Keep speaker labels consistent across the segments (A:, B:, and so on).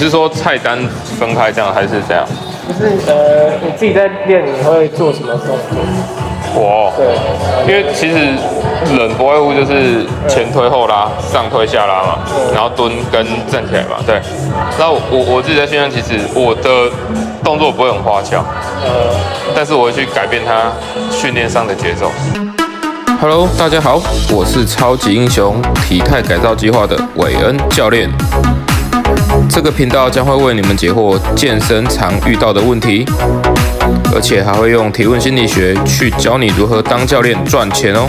A: 你是說菜單分開這樣，還是這樣？就是呃，你自己在練，你會做什麼動作？我、哦，對，因為其實冷不外乎就是前推後拉、上推下拉嘛，然後蹲跟站起來嘛，對。那我我我自己在訓練，其實我的動作不會很花俏，呃，但是我會去改變它訓練上的節奏、呃。Hello，大家好，我是超級英雄體態改造計劃的韋恩教練。這個頻道將會為你們解惑健身常遇到的問題，而且還會用提問心理學去教你如何當教練賺錢哦。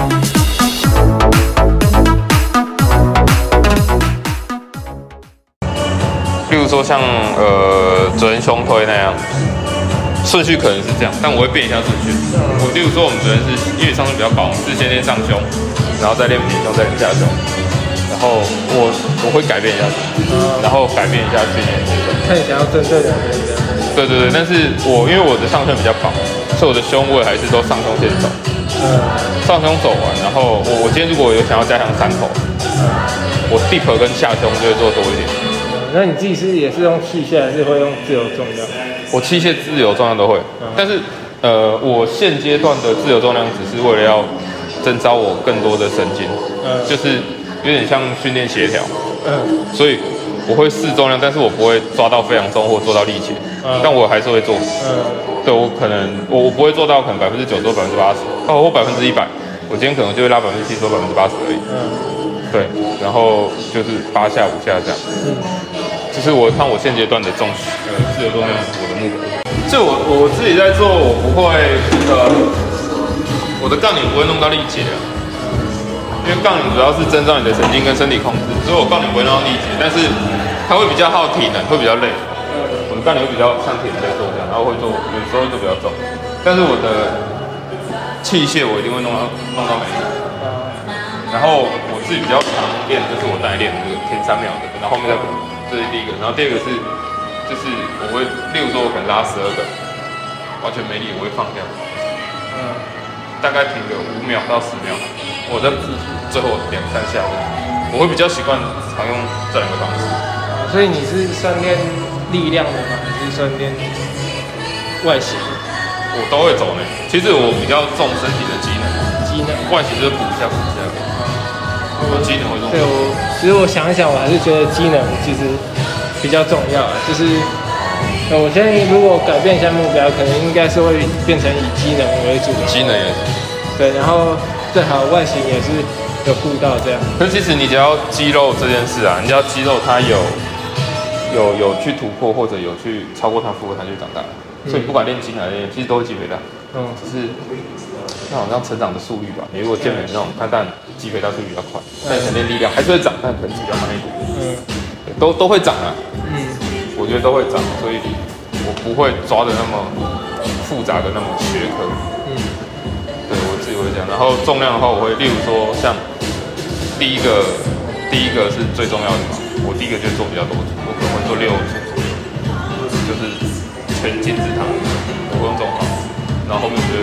A: 例如說像呃，直胸推那樣，順序可能是這樣，但我會變一下順序。我例如說我們昨天是因為上胸比較高，是先練上胸，然後再練平胸，再練下胸。然後我我會改變一下，好好然後改變一下的訓練。看你想要針對哪邊？對對對，但是我、嗯、因為我的上身比較薄、嗯，所以我的胸位還是都上胸先走、嗯。上胸走完，然後我我今天如果有想要加強三頭，嗯、我 dip 跟下胸就會做多一點、嗯。那你自己是也是用器械還是會用自由重量？我器械、自由重量都會，嗯、但是呃，我現階段的自由重量只是為了要徵召我更多的神經、嗯，就是。有點像訓練協調，嗯，所以我會試重量，但是我不會抓到非常重或做到力竭，嗯、但我還是會做，呃、嗯，對我可能我我不會做到可能百分之九，做百分之八十，哦，或百分之一百，我今天可能就會拉百分之七，做百分之八十而已，嗯，對，然後就是八下五下這樣，嗯，就是我看我現階段的重，呃、嗯，自由重量，我的目標，就我我自己在做，我不會那個、呃，我的槓鈴不會弄到力竭啊。因為槓鈴主要是增長你的神經跟身體控制，所以我槓鈴不會弄到力竭，但是它會比較耗體能，會比較累。我的槓鈴會比較像田徑做這樣，然後會做有時候會做比較重，但是我的器械我一定會弄到弄到沒力。然後我自己比較常練就是我代練的這個停三秒的，然後後面再補，這、就是第一個。然後第二個是就是我會，例如說我可能拉十二個，完全沒力我會放掉。嗯。大概停留五秒到十秒，我在補最後兩三下。我會比較習慣常用這兩個方式。所以你是算練力量的嗎？還是算練外形？我都會走呢。其實我比較重身體的機能。機能外形就是補一下補一下。機能會重。對，我其實我想一想，我還是覺得機能其實比較重要，就是。我現在如果改變一下目標，可能應該是會變成以機能為主的。機能也對，然後正好外形也是有顧到這樣。那其實你只要肌肉這件事啊，你只要肌肉它有有有去突破或者有去超過它負荷，它就長大、嗯、所以不管練機能還練，其實都會肌肥大的。嗯，只是那好像成長的速率吧、啊。你如果健美那種，它當然肌肥大的速率比較快，但你可能練力量還是會長，嗯、但可能比較慢一點。嗯，都都會長啊。我覺得都會漲，所以我不會抓得那麼複雜的那麼學科。嗯，對，我自己會這樣。然後重量的話，我會例如說像第一個，第一個是最重要的嘛，我第一個就做比較多，我可能會做六組左右，就是全金字塔，不用重量。然後後面我就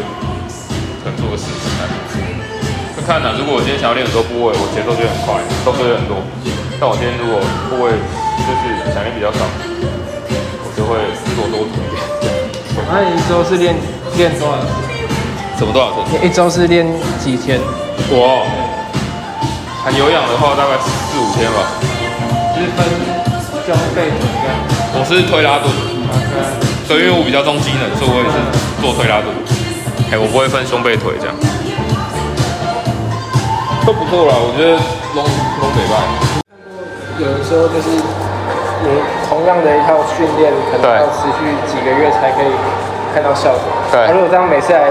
A: 可能做個四次。組。會看哪、啊，如果我今天想要練很多部位，我節奏就會很快，動作也很多。但我今天如果不會，就是講的比較少，我就會思所多足一點。那、啊、你一周是練練多少次？什麼多少次？你一周是練幾天？我，含有氧的話大概四五天吧，就是分胸背腿這樣。我是推拉肚子，所以因為我比較重機能，所以我也是做推拉肚子哎、欸，我不會分胸背腿這樣。都不錯啦，我覺得龍龍嘴巴。有的時候就是有同樣的一套訓練，可能要持續幾個月才可以看到效果。對、啊。如果這樣每次來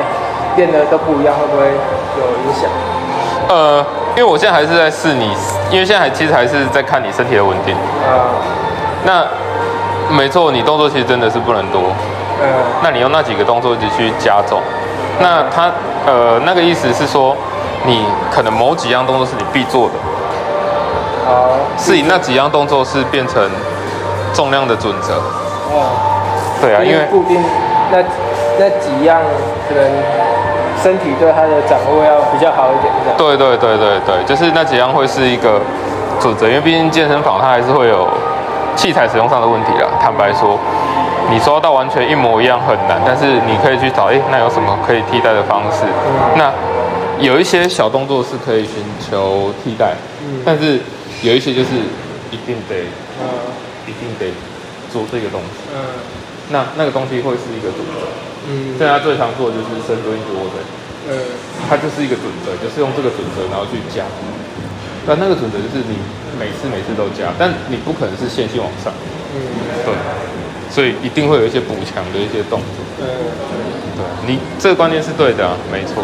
A: 練的都不一樣，會不會有影響？呃，因為我現在還是在試你，因為現在其實還是在看你身體的穩定。啊那。那沒錯，你動作其實真的是不能多。呃。那你用那幾個動作就去加重，那他呃那個意思是說，你可能某幾樣動作是你必做的。好是，以那幾樣動作是變成重量的準則。哦、嗯，對啊，因為固定那那幾樣，可能身體對它的掌握要比較好一點。對對對對對，就是那幾樣會是一個準則，因為畢竟健身房它還是會有器材使用上的問題啦。坦白說，你抓到完全一模一樣很難，但是你可以去找，哎、欸，那有什麼可以替代的方式？嗯、那有一些小動作是可以尋求替代，嗯、但是。有一些就是一定得，一定得做這個東西。嗯，那那個東西會是一個準則。嗯，對他最常做的就是深蹲、臥推。呃，它就是一個準則，就是用這個準則然後去加。那那個準則就是你每次每次都加，但你不可能是線性往上。嗯，對。所以一定會有一些補強的一些動作。嗯，對，你這個觀念是對的啊，沒錯。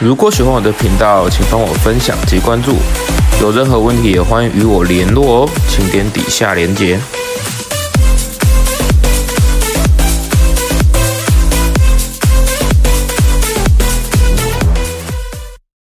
A: 如果喜歡我的頻道，請幫我分享及關注。有任何問題也歡迎與我聯絡哦，請點底下鏈接。